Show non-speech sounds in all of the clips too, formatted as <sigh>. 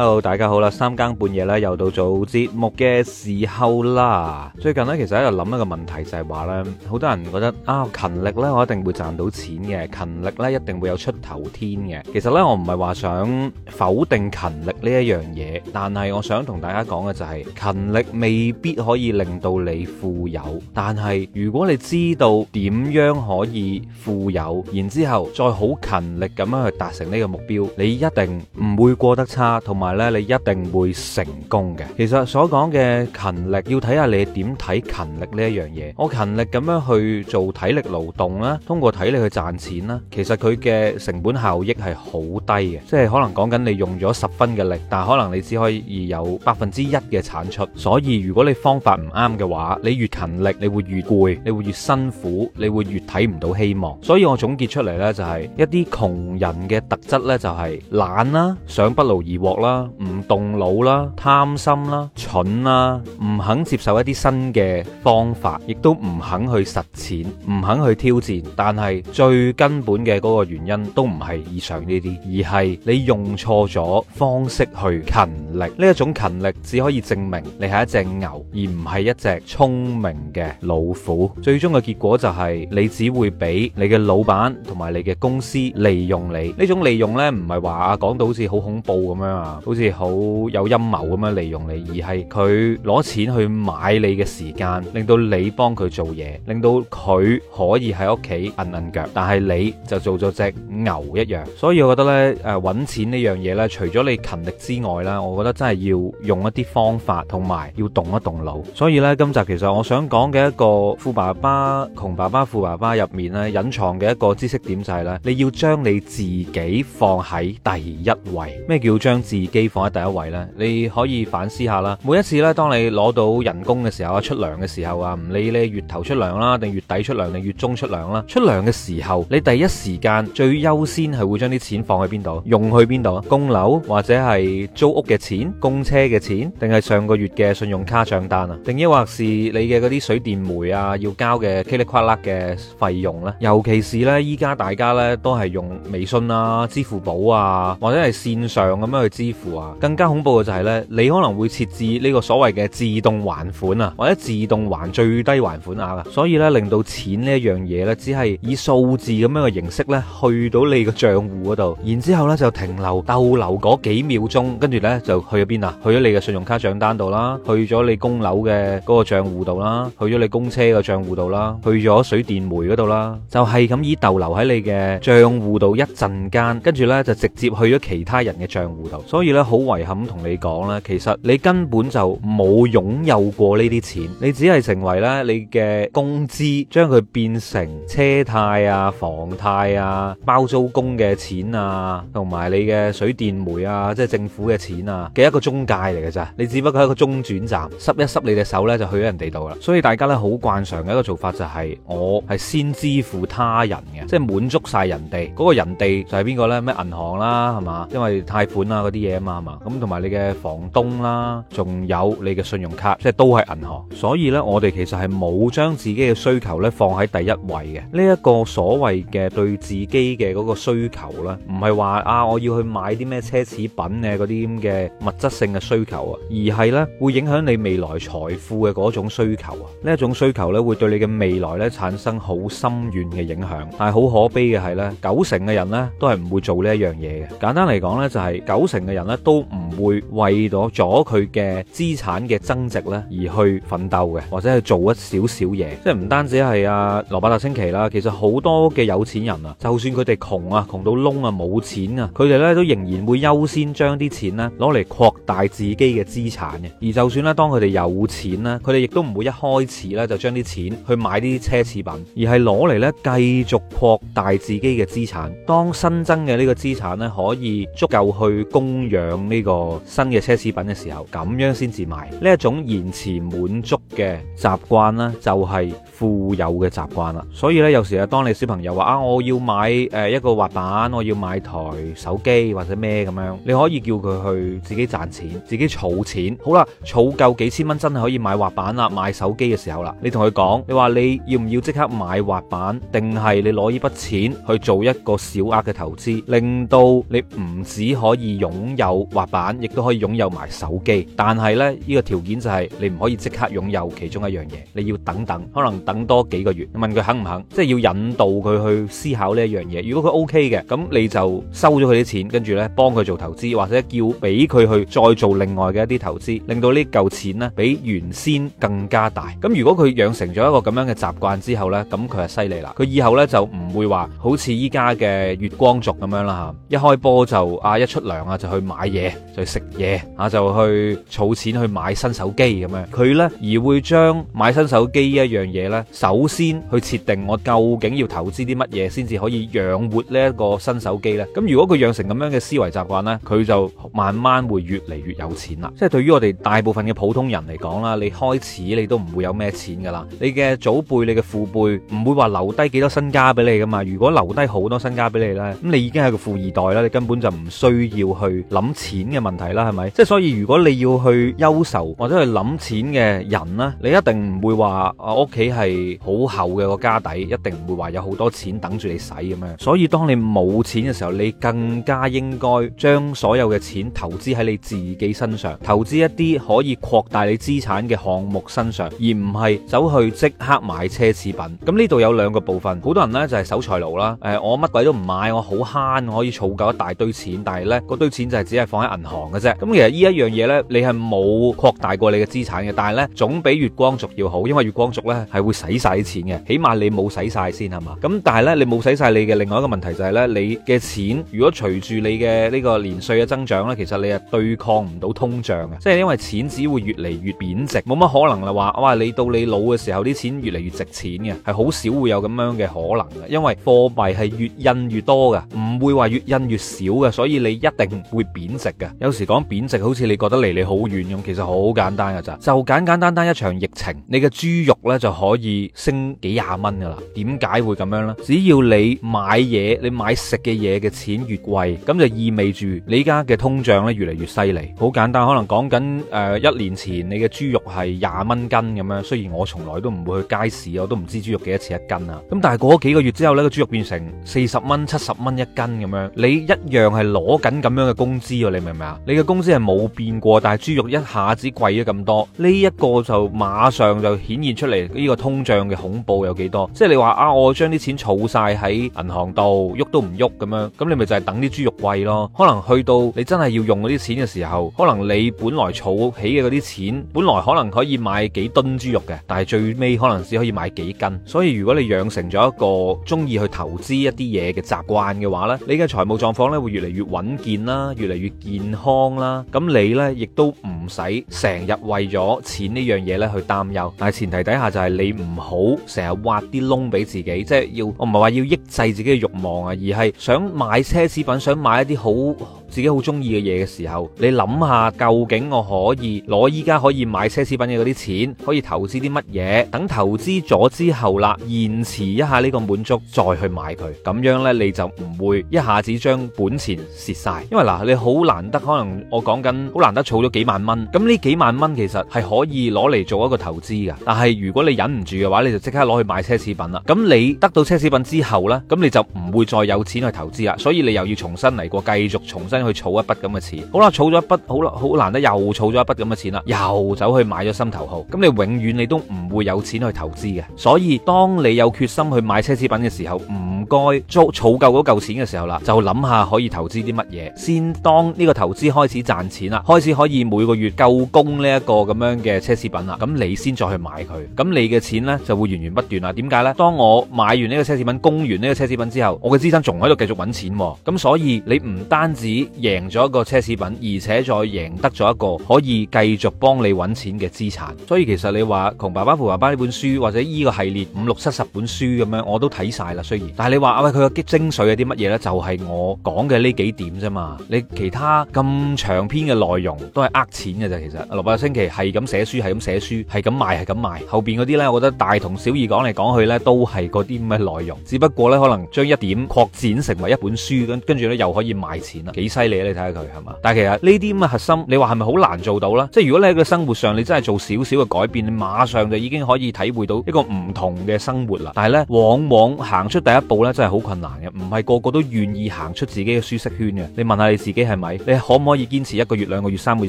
Hello，大家好啦！三更半夜啦，又到做節目嘅時候啦。最近呢，其實喺度諗一個問題，就係話呢：好多人覺得啊，勤力呢，我一定會賺到錢嘅，勤力呢，一定會有出頭天嘅。其實呢，我唔係話想否定勤力呢一樣嘢，但係我想同大家講嘅就係，勤力未必可以令到你富有，但係如果你知道點樣可以富有，然之後再好勤力咁樣去達成呢個目標，你一定唔會過得差，同埋。咧，你一定會成功嘅。其實所講嘅勤力，要睇下你點睇勤力呢一樣嘢。我勤力咁樣去做體力勞動啦，通過體力去賺錢啦，其實佢嘅成本效益係好低嘅，即係可能講緊你用咗十分嘅力，但係可能你只可以有百分之一嘅產出。所以如果你方法唔啱嘅話，你越勤力，你會越攰，你會越辛苦，你會越睇唔到希望。所以我總結出嚟呢，就是，就係一啲窮人嘅特質呢，就係懶啦，想不勞而獲啦。唔動腦啦、啊，貪心啦、啊，蠢啦、啊，唔肯接受一啲新嘅方法，亦都唔肯去實踐，唔肯去挑戰。但係最根本嘅嗰個原因，都唔係以上呢啲，而係你用錯咗方式去勤力。呢一種勤力只可以證明你係一隻牛，而唔係一隻聰明嘅老虎。最終嘅結果就係你只會俾你嘅老闆同埋你嘅公司利用你。呢種利用呢，唔係話啊講到好似好恐怖咁樣啊！好似好有陰謀咁樣利用你，而係佢攞錢去買你嘅時間，令到你幫佢做嘢，令到佢可以喺屋企摁摁腳，但係你就做咗隻牛一樣。所以我覺得咧，誒揾錢呢樣嘢咧，除咗你勤力之外啦，我覺得真係要用一啲方法，同埋要動一動腦。所以呢，今集其實我想講嘅一個富爸爸、窮爸爸、富爸爸入面咧隱藏嘅一個知識點就係咧，你要將你自己放喺第一位。咩叫將自機放喺第一位咧，你可以反思下啦。每一次咧，當你攞到人工嘅時候啊，出糧嘅時候啊，唔理你月頭出糧啦，定月底出糧定月中出糧啦，出糧嘅時候，你第一時間最優先係會將啲錢放喺邊度，用去邊度啊？供樓或者係租屋嘅錢，供車嘅錢，定係上個月嘅信用卡賬單啊？定抑或是你嘅嗰啲水電煤啊要交嘅噼里呱啦嘅費用咧？尤其是咧，依家大家咧都係用微信啊、支付寶啊，或者係線上咁樣去支付。更加恐怖嘅就係咧，你可能會設置呢個所謂嘅自動還款啊，或者自動還最低還款額噶，所以咧令到錢呢一樣嘢咧，只係以數字咁樣嘅形式咧去到你個賬戶嗰度，然之後咧就停留逗留嗰幾秒鐘，跟住咧就去咗邊啊？去咗你嘅信用卡賬單度啦，去咗你供樓嘅嗰個賬戶度啦，去咗你供車嘅賬戶度啦，去咗水電煤嗰度啦，就係咁以逗留喺你嘅賬戶度一陣間，跟住咧就直接去咗其他人嘅賬戶度，所以。好遺憾同你講啦。其實你根本就冇擁有過呢啲錢，你只係成為咧你嘅工資，將佢變成車貸啊、房貸啊、包租公嘅錢啊，同埋你嘅水電煤啊，即係政府嘅錢啊嘅一個中介嚟嘅咋。你只不過係一個中轉站，濕一濕你隻手咧就去咗人哋度啦。所以大家咧好慣常嘅一個做法就係我係先支付他人嘅，即係滿足晒人哋。嗰個人哋就係邊個咧？咩銀行啦，係嘛？因為貸款啊嗰啲嘢。咁，同埋、嗯、你嘅房東啦，仲有你嘅信用卡，即係都係銀行。所以呢，我哋其實係冇將自己嘅需求呢放喺第一位嘅。呢、這、一個所謂嘅對自己嘅嗰個需求呢，唔係話啊我要去買啲咩奢侈品嘅嗰啲咁嘅物質性嘅需求啊，而係呢，會影響你未來財富嘅嗰種需求啊。呢一種需求呢，會對你嘅未來呢產生好深遠嘅影響。但係好可悲嘅係呢，九成嘅人呢，都係唔會做呢一樣嘢嘅。簡單嚟講呢，就係、是、九成嘅人。咧都唔會為咗阻佢嘅資產嘅增值咧而去奮鬥嘅，或者去做一少少嘢，即係唔單止係阿羅伯特清奇啦，其實好多嘅有錢人啊，就算佢哋窮啊，窮到窿啊，冇錢啊，佢哋咧都仍然會優先將啲錢咧攞嚟擴大自己嘅資產嘅。而就算咧當佢哋有錢咧，佢哋亦都唔會一開始咧就將啲錢去買啲奢侈品，而係攞嚟咧繼續擴大自己嘅資產。當新增嘅呢個資產咧可以足夠去供養。養呢個新嘅奢侈品嘅時候，咁樣先至買。呢一種延遲滿足嘅習慣呢，就係富有嘅習慣啦。所以呢，有時啊，當你小朋友話啊，我要買誒、呃、一個滑板，我要買台手機或者咩咁樣，你可以叫佢去自己賺錢，自己儲錢。好啦，儲夠幾千蚊，真係可以買滑板啦，買手機嘅時候啦，你同佢講，你話你要唔要即刻買滑板，定係你攞呢筆錢去做一個小額嘅投資，令到你唔止可以擁有。有滑板，亦都可以擁有埋手機，但係呢，呢個條件就係你唔可以即刻擁有其中一樣嘢，你要等等，可能等多幾個月。問佢肯唔肯，即係要引導佢去思考呢一樣嘢。如果佢 OK 嘅，咁你就收咗佢啲錢，跟住呢，幫佢做投資，或者叫俾佢去再做另外嘅一啲投資，令到呢嚿錢呢，比原先更加大。咁如果佢養成咗一個咁樣嘅習慣之後呢，咁佢係犀利啦。佢以後呢，就唔會話好似依家嘅月光族咁樣啦吓，一開波就啊，一出糧啊就去買。買嘢，就食嘢啊，就去儲錢去買新手機咁樣，佢呢，而會將買新手機呢一樣嘢呢，首先去設定我究竟要投資啲乜嘢先至可以養活呢一個新手機呢。咁如果佢養成咁樣嘅思維習慣呢，佢就慢慢會越嚟越有錢啦。即係對於我哋大部分嘅普通人嚟講啦，你開始你都唔會有咩錢噶啦。你嘅祖輩、你嘅父輩唔會話留低幾多身家俾你噶嘛。如果留低好多身家俾你呢，咁你已經係個富二代啦，你根本就唔需要去。諗錢嘅問題啦，係咪？即係所以，如果你要去憂愁或者去諗錢嘅人呢，你一定唔會話我屋企係好厚嘅個家底，一定唔會話有好多錢等住你使咁樣。所以，當你冇錢嘅時候，你更加應該將所有嘅錢投資喺你自己身上，投資一啲可以擴大你資產嘅項目身上，而唔係走去即刻買奢侈品。咁呢度有兩個部分，好多人呢就係守財奴啦。誒，我乜鬼都唔買，我好慳，可以儲夠一大堆錢，但係呢，嗰堆錢就係。只係放喺銀行嘅啫，咁其實呢一樣嘢呢，你係冇擴大過你嘅資產嘅，但係呢，總比月光族要好，因為月光族呢係會使晒啲錢嘅，起碼你冇使晒先係嘛，咁但係呢，你冇使晒你嘅另外一個問題就係呢：你嘅錢如果隨住你嘅呢個年歲嘅增長呢，其實你係對抗唔到通脹嘅，即係因為錢只會越嚟越貶值，冇乜可能啦話哇你到你老嘅時候啲錢越嚟越值錢嘅，係好少會有咁樣嘅可能嘅，因為貨幣係越印越多嘅，唔會話越印越少嘅，所以你一定會。貶值嘅，有時講貶值好似你覺得離你好遠咁，其實好簡單噶咋，就簡簡單單一場疫情，你嘅豬肉呢就可以升幾廿蚊噶啦。點解會咁樣呢？只要你買嘢，你買食嘅嘢嘅錢越貴，咁就意味住你依家嘅通脹呢越嚟越犀利。好簡單，可能講緊誒一年前你嘅豬肉係廿蚊斤咁樣，雖然我從來都唔會去街市，我都唔知豬肉幾多錢一斤啊。咁但係過咗幾個月之後呢，個豬肉變成四十蚊，七十蚊一斤咁樣，你一樣係攞緊咁樣嘅工知你明唔明啊？你嘅工資係冇變過，但係豬肉一下子貴咗咁多，呢一個就馬上就顯現出嚟呢個通脹嘅恐怖有幾多？即係你話啊，我將啲錢儲晒喺銀行度，喐都唔喐咁樣，咁你咪就係等啲豬肉貴咯。可能去到你真係要用嗰啲錢嘅時候，可能你本來儲起嘅嗰啲錢，本來可能可以買幾噸豬肉嘅，但係最尾可能只可以買幾斤。所以如果你養成咗一個中意去投資一啲嘢嘅習慣嘅話呢，你嘅財務狀況咧會越嚟越穩健啦，越嚟。越健康啦，咁你呢亦都唔使成日為咗錢呢樣嘢呢去擔憂，但係前提底下就係你唔好成日挖啲窿俾自己，即係要，我唔係話要抑制自己嘅欲望啊，而係想買奢侈品，想買一啲好。自己好中意嘅嘢嘅時候，你諗下究竟我可以攞依家可以買奢侈品嘅嗰啲錢，可以投資啲乜嘢？等投資咗之後啦，延遲一下呢個滿足，再去買佢，咁樣呢，你就唔會一下子將本錢蝕晒，因為嗱你好難得，可能我講緊好難得儲咗幾萬蚊，咁呢幾萬蚊其實係可以攞嚟做一個投資㗎。但係如果你忍唔住嘅話，你就即刻攞去買奢侈品啦。咁你得到奢侈品之後呢，咁你就唔會再有錢去投資啦。所以你又要重新嚟過，繼續重新。去儲一筆咁嘅錢，好啦，儲咗一筆，好啦，好難得又儲咗一筆咁嘅錢啦，又走去買咗心頭好，咁你永遠你都唔會有錢去投資嘅，所以當你有決心去買奢侈品嘅時候，唔該儲儲夠嗰嚿錢嘅時候啦，就諗下可以投資啲乜嘢，先當呢個投資開始賺錢啦，開始可以每個月夠供呢一個咁樣嘅奢侈品啦，咁你先再去買佢，咁你嘅錢呢就會源源不斷啦。點解呢？當我買完呢個奢侈品，供完呢個奢侈品之後，我嘅資產仲喺度繼續搵錢，咁所以你唔單止。贏咗一個奢侈品，而且再贏得咗一個可以繼續幫你揾錢嘅資產，所以其實你話窮爸爸富爸爸呢本書或者依個系列五六七十本書咁樣，我都睇晒啦。雖然，但係你話啊喂，佢嘅精髓係啲乜嘢呢？就係我講嘅呢幾點啫嘛。你其他咁長篇嘅內容都係呃錢嘅咋，其實羅伯特清崎係咁寫書，係咁寫書，係咁賣，係咁賣，賣。後邊嗰啲呢，我覺得大同小異，講嚟講去呢，都係嗰啲咩嘅內容，只不過呢，可能將一點擴展成為一本書，咁跟住呢又可以賣錢啦，幾犀利你睇下佢係嘛，但係其實呢啲咁嘅核心，你話係咪好難做到咧？即係如果你喺個生活上，你真係做少少嘅改變，你馬上就已經可以體會到一個唔同嘅生活啦。但係呢，往往行出第一步呢，真係好困難嘅，唔係個個都願意行出自己嘅舒適圈嘅。你問下你自己係咪？你可唔可以堅持一個月、兩個月、三個月、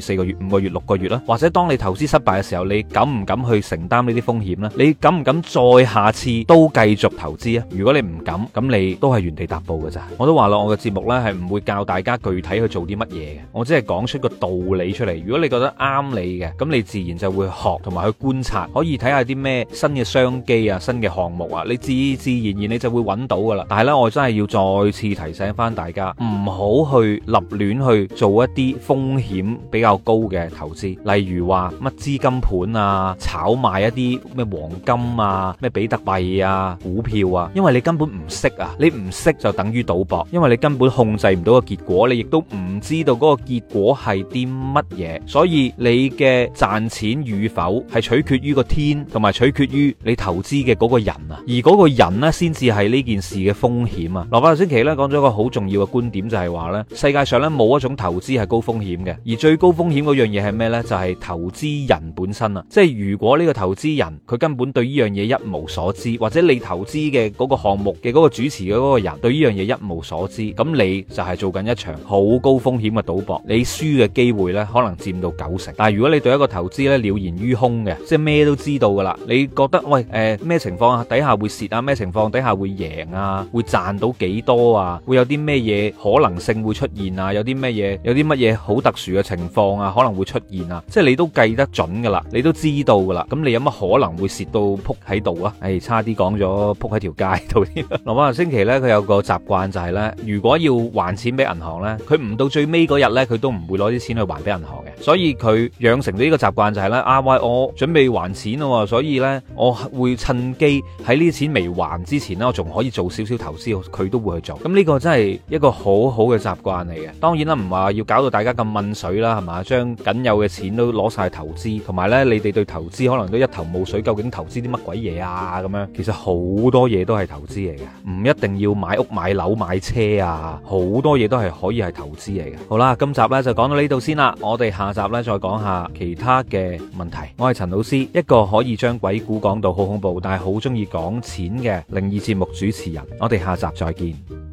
四個月、五個月、六個月啦？或者當你投資失敗嘅時候，你敢唔敢去承擔呢啲風險呢？你敢唔敢再下次都繼續投資啊？如果你唔敢，咁你都係原地踏步嘅咋。我都話喇，我嘅節目呢係唔會教大家睇佢做啲乜嘢嘅，我只係講出個道理出嚟。如果你覺得啱你嘅，咁你自然就會學同埋,去觀察，可以睇下啲咩新嘅商機啊、新嘅項目啊，你自自然然你就會揾到噶啦。但係咧，我真係要再次提醒翻大家，唔好去立亂，亂去做一啲風險比較高嘅投資，例如話乜資金盤啊、炒賣一啲咩黃金啊、咩比特幣啊、股票啊，因為你根本唔識啊，你唔識就等於賭博，因為你根本控制唔到個結果，你亦都唔知道嗰個結果係啲乜嘢，所以你嘅賺錢與否係取決於個天，同埋取決於你投資嘅嗰個人啊。而嗰個人咧，先至係呢件事嘅風險啊。羅伯特·清崎咧講咗一個好重要嘅觀點，就係話咧，世界上咧冇一種投資係高風險嘅，而最高風險嗰樣嘢係咩咧？就係、是、投資人本身啊。即係如果呢個投資人佢根本對呢樣嘢一無所知，或者你投資嘅嗰個項目嘅嗰個主持嘅嗰個人對呢樣嘢一無所知，咁你就係做緊一場好高風險嘅賭博，你輸嘅機會呢，可能佔到九成。但係如果你對一個投資呢，了然於胸嘅，即係咩都知道噶啦，你覺得喂誒咩、呃、情況底下會蝕啊？咩情況底下會贏啊？會賺到幾多啊？會有啲咩嘢可能性會出現啊？有啲咩嘢有啲乜嘢好特殊嘅情況啊？可能會出現啊？即係你都計得準噶啦，你都知道噶啦，咁你有乜可能會蝕到撲喺度啊？誒、哎，差啲講咗撲喺條街度添。羅 <laughs> 馬星期呢，佢有個習慣就係、是、呢：如果要還錢俾銀行呢。佢唔到最尾日咧，佢都唔會攞啲錢去還俾銀行嘅。所以佢養成到呢個習慣就係咧，啊喂，我準備還錢喎，所以呢，我會趁機喺呢啲錢未還之前呢，我仲可以做少少投資，佢都會去做。咁呢個真係一個好好嘅習慣嚟嘅。當然啦，唔話要搞到大家咁問水啦，係嘛？將僅有嘅錢都攞晒投資，同埋呢，你哋對投資可能都一頭霧水，究竟投資啲乜鬼嘢啊？咁樣其實好多嘢都係投資嚟嘅，唔一定要買屋買樓買車啊，好多嘢都係可以係投資嚟嘅。好啦，今集呢就講到呢度先啦，我哋下。下集咧再講下其他嘅問題。我係陳老師，一個可以將鬼故講到好恐怖，但係好中意講錢嘅靈異節目主持人。我哋下集再見。